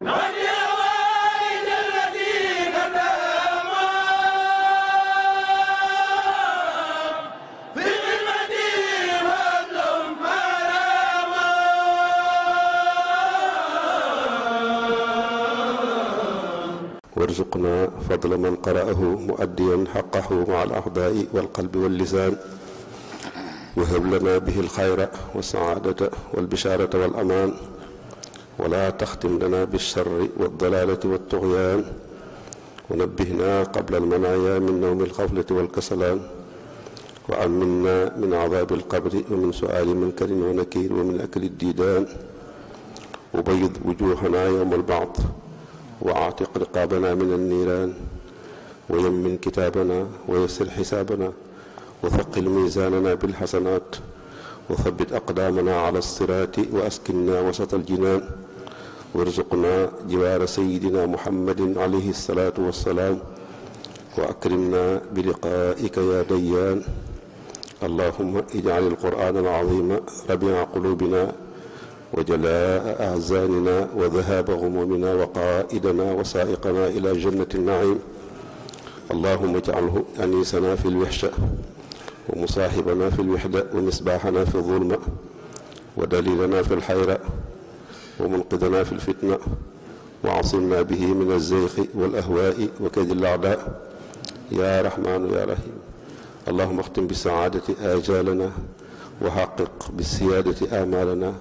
وارزقنا فضل من قرأه مؤديا حقه مع الأعضاء والقلب واللسان وهب لنا به الخير والسعادة والبشارة والأمان ولا تختم لنا بالشر والضلالة والطغيان ونبهنا قبل المنايا من نوم الغفلة والكسلان وأمنا من عذاب القبر ومن سؤال منكر ونكير ومن أكل الديدان وبيض وجوهنا يوم البعض وأعتق رقابنا من النيران ويمن كتابنا ويسر حسابنا وثقل ميزاننا بالحسنات وثبت أقدامنا على الصراط وأسكننا وسط الجنان وارزقنا جوار سيدنا محمد عليه الصلاة والسلام وأكرمنا بلقائك يا ديان اللهم اجعل القرآن العظيم ربيع قلوبنا وجلاء أحزاننا وذهاب غمومنا وقائدنا وسائقنا إلى جنة النعيم اللهم اجعله أنيسنا في الوحشة ومصاحبنا في الوحدة ومصباحنا في الظلمة ودليلنا في الحيرة ومنقذنا في الفتنة وعصمنا به من الزيخ والأهواء وكيد الأعداء يا رحمن يا رحيم اللهم اختم بسعادة آجالنا وحقق بالسيادة آمالنا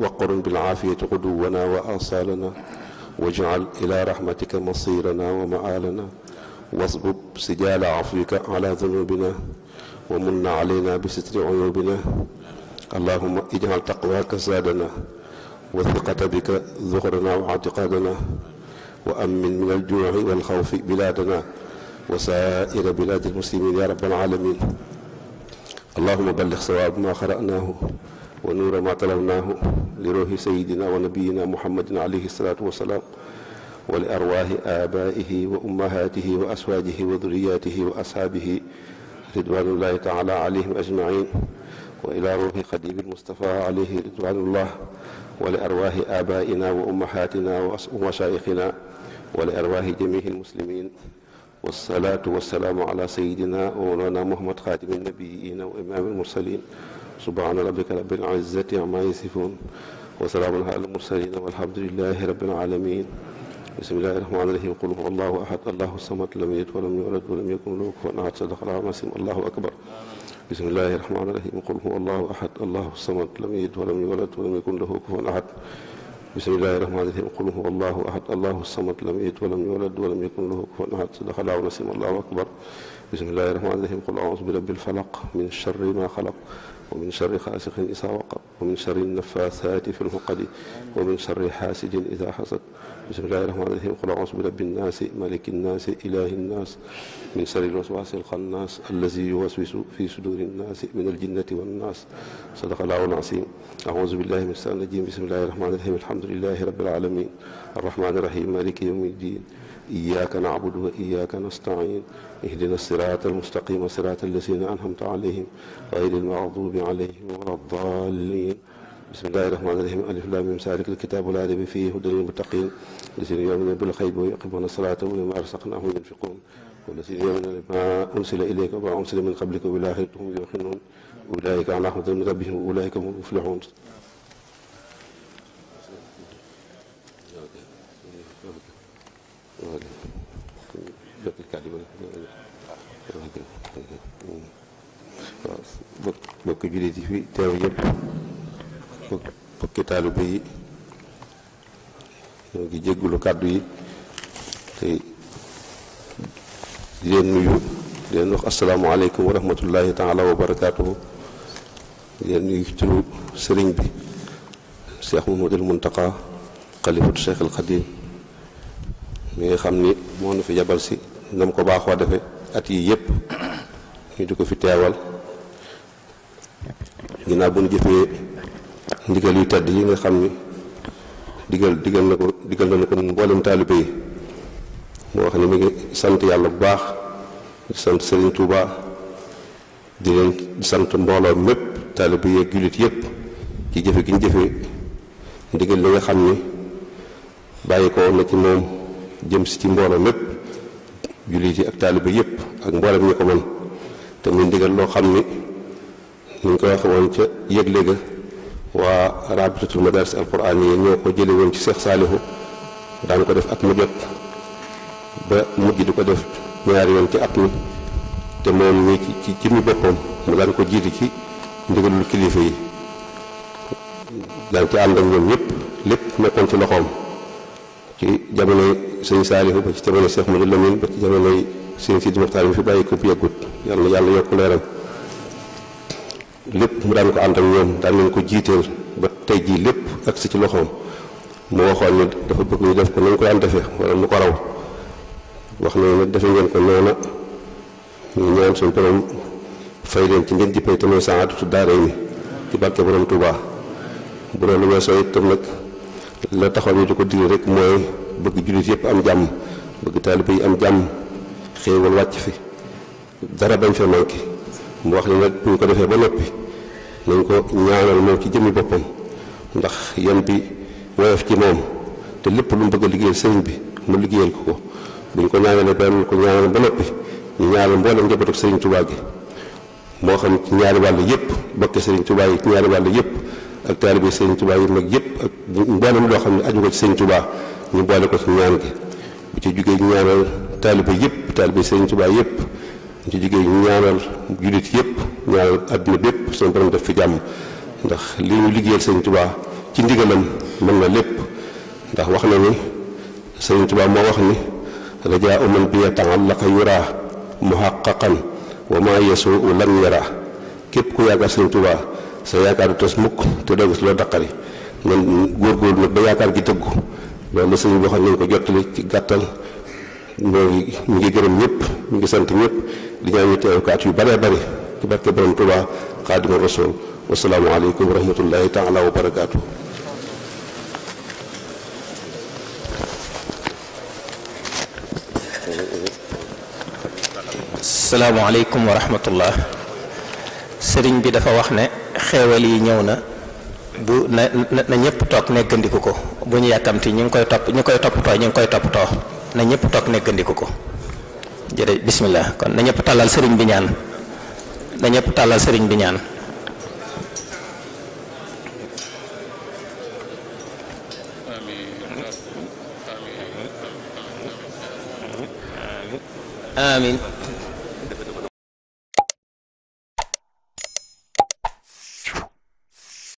وقرن بالعافية غدونا وآصالنا واجعل إلى رحمتك مصيرنا ومآلنا واصبب سجال عفوك على ذنوبنا ومن علينا بستر عيوبنا اللهم اجعل تقواك سادنا والثقة بك ذكرنا واعتقادنا وأمن من الجوع والخوف بلادنا وسائر بلاد المسلمين يا رب العالمين اللهم بلغ صواب ما قرأناه ونور ما تلوناه لروح سيدنا ونبينا محمد عليه الصلاة والسلام ولأرواح آبائه وأمهاته وأسواجه وذرياته وأصحابه رضوان الله تعالى عليهم أجمعين وإلى روح خديم المصطفى عليه رضوان الله ولأرواح آبائنا وأمهاتنا ومشايخنا ولأرواح جميع المسلمين والصلاة والسلام على سيدنا ومولانا محمد خاتم النبيين وإمام المرسلين سبحان ربك رب العزة عما يصفون وسلام على المرسلين والحمد لله رب العالمين بسم الله الرحمن الرحيم قل هو الله أحد الله الصمد لم يلد ولم يولد ولم يكن له كفوا أحد صدق الله الله أكبر بسم الله الرحمن الرحيم قل هو الله أحد الله الصمد لم يلد ولم يولد ولم يكن له كفوا أحد بسم الله الرحمن الرحيم قل هو الله أحد الله الصمد لم يلد ولم يولد ولم يكن له كفوا أحد صدق الله ونسيم الله أكبر بسم الله الرحمن الرحيم قل أعوذ برب الفلق من الشر ما خلق ومن شر خاسق إذا وقب ومن شر النفاثات في الفقد ومن شر حاسد إذا حسد بسم الله الرحمن الرحيم قل أعوذ برب الناس ملك الناس إله الناس من شر الوسواس الخناس الذي يوسوس في صدور الناس من الجنة والناس صدق الله العظيم أعوذ بالله من الشيطان الرجيم بسم الله الرحمن الرحيم الحمد لله رب العالمين الرحمن الرحيم مالك يوم الدين إياك نعبد وإياك نستعين اهدنا الصراط المستقيم صراط الذين أنعمت عليهم غير المغضوب عليهم ولا الضالين بسم الله الرحمن الرحيم ألف لام سالك الكتاب لا ريب فيه هدى للمتقين الذين يؤمنون بالغيب ويقيمون الصلاة ومما رزقناهم ينفقون والذين يؤمنون بما أرسل إليك وما أرسل من قبلك وبالآخرة هم يوقنون أولئك على هدى من ربهم اولئك هم المفلحون mbokki jullit yi fi teew yëpp mbokki taalibe yi ñoo ngi jéggulu kàddu yi te di leen nuyu leen wax asalaamaaleykum wa rahmatullahi taala wa barakaatuhu di leen nuyu ci turu sëriñ bi Cheikh Mouhamadoul Mountakha xalifatu Cheikh al Xadim mi nga xam ni moo nu fi yabal si nam ko baaxoo defe at yi yëpp ñu di ko fi teewal ginnaaw bu ñu jëfee ndigal yu tedd yi nga xam ni digal digal na ko digal na ko mboolem taalibe yi moo wax ne mi ngi sant yàlla bu baax di sant Sëriñ Tuuba di leen sant mbooloo mépp taalibe yeeg jullit yépp ci jëfe gi ñu jëfe ndigal li nga xam ni bàyyi ko na ci moom jëm si ci mbooloo mépp jullit yi ak taalibe yépp ak mboolem ñu ko mën te muy ndigal loo xam ni ñu ngi koy wax woon ca yëgle ga waa rabitatul madaris alquraaniya ñoo ko jële woon ci seex saalihu daan ko def at mu jot ba mujj di ko def ñaari yoon ci at mi te moom ñi ci jëmmi boppam mu daan ko jiite ci ndigalul kilifa yi daan ci ànd ak ñoom ñëpp lépp nekkoon ci loxoom ci jamonoy sëñ saalihu ba ci jamonoy seex mujj lamin ba ci jamonoy sëñ sidi moxtaar mi fi bàyyi ko bu yeggut yàlla yàlla yokk leeram lépp mu daan ko ànd ak ñoom daan leen ko jiiteel ba tey jii lépp ak si ci loxoom mu waxoon ni dafa bëgg ñu def ko nañ ko daan defee wala nu ko raw wax nañu nag defe ngeen ko noona ñu ñaan suñu borom fay leen ci ngeen jëppee tamit saadatu daara ni ci barke borom Tuubaa bu doon lu weesoo itam nag la taxoon ñu di ko digle rek mooy bëgg jullit yëpp am jàmm bëgg taalibe yi am jàmm xéewal wàcc fi dara bañ fa manqué mu wax ne nag bu ñu ko defee ba noppi nañ ko ñaanal moom ci jëmmi boppam ndax yan bi woyof ci moom te lépp lu mu bëgg a liggéeyal sëriñ bi mu liggéeyal ko ko bu ñu ko ñaanalee ba ko ñaanal ba noppi ñu ñaanal mboolem njaboot ak sëriñ Tuubaa gi moo xam ci ñaari wàll yëpp bokke sëriñ Tuubaa yi ci ñaari wàll yëpp ak taalibe sëriñ Tuubaa yi mag yëpp ak mboolem loo xam ne aju ko ci sëriñ Tuubaa ñu boole ko ci ñaan gi bu ci jugee ñaanal taalibe yëpp taalibe sëriñ Tuubaa yëpp ci jigéen ñi ñaanal julit yépp ñaanal àdduna bépp seen borom def fi jàmm ndax li ñu liggéeyal sëñ tubaa ci ndigalam mën na lépp ndax wax na ni sëñ tubaa moo wax ni rajaa uman bi yataallaqa yuraa muhaqqaqan wa maa yasuu lam yaraa képp ku yaakaar sëñ tubaa sa yaakaar du tas mukk te doo gis loo daqari man góorgóorlu nag ba yaakaar gi dëggu loolu la sëñ bi waxoon ko jottali ci gàttal ñoo ngi gërëm ñëpp ñu ngi sant ñëpp di ñaan ñu teewkaat yu bëree bëri ci barke borom Tuubaa Xaadimu Rasuul wasalaamu aleykum wa rahmatullahi sëriñ bi dafa wax ne xeewal yi ñëw na bu na na ñëpp toog neggandiku ko bu ñu yàkkamti ñu ngi koy topp ñu koy toppatoo ñu ngi koy toppatoo na ñëpp toog neggandiku ko jere bismillah kon na ñëpp serigne bi ñaan na ñëpp serigne bi ñaan amin